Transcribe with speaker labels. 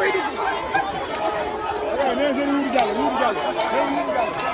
Speaker 1: fay dugg
Speaker 2: waaw nee na seen wuuru jàll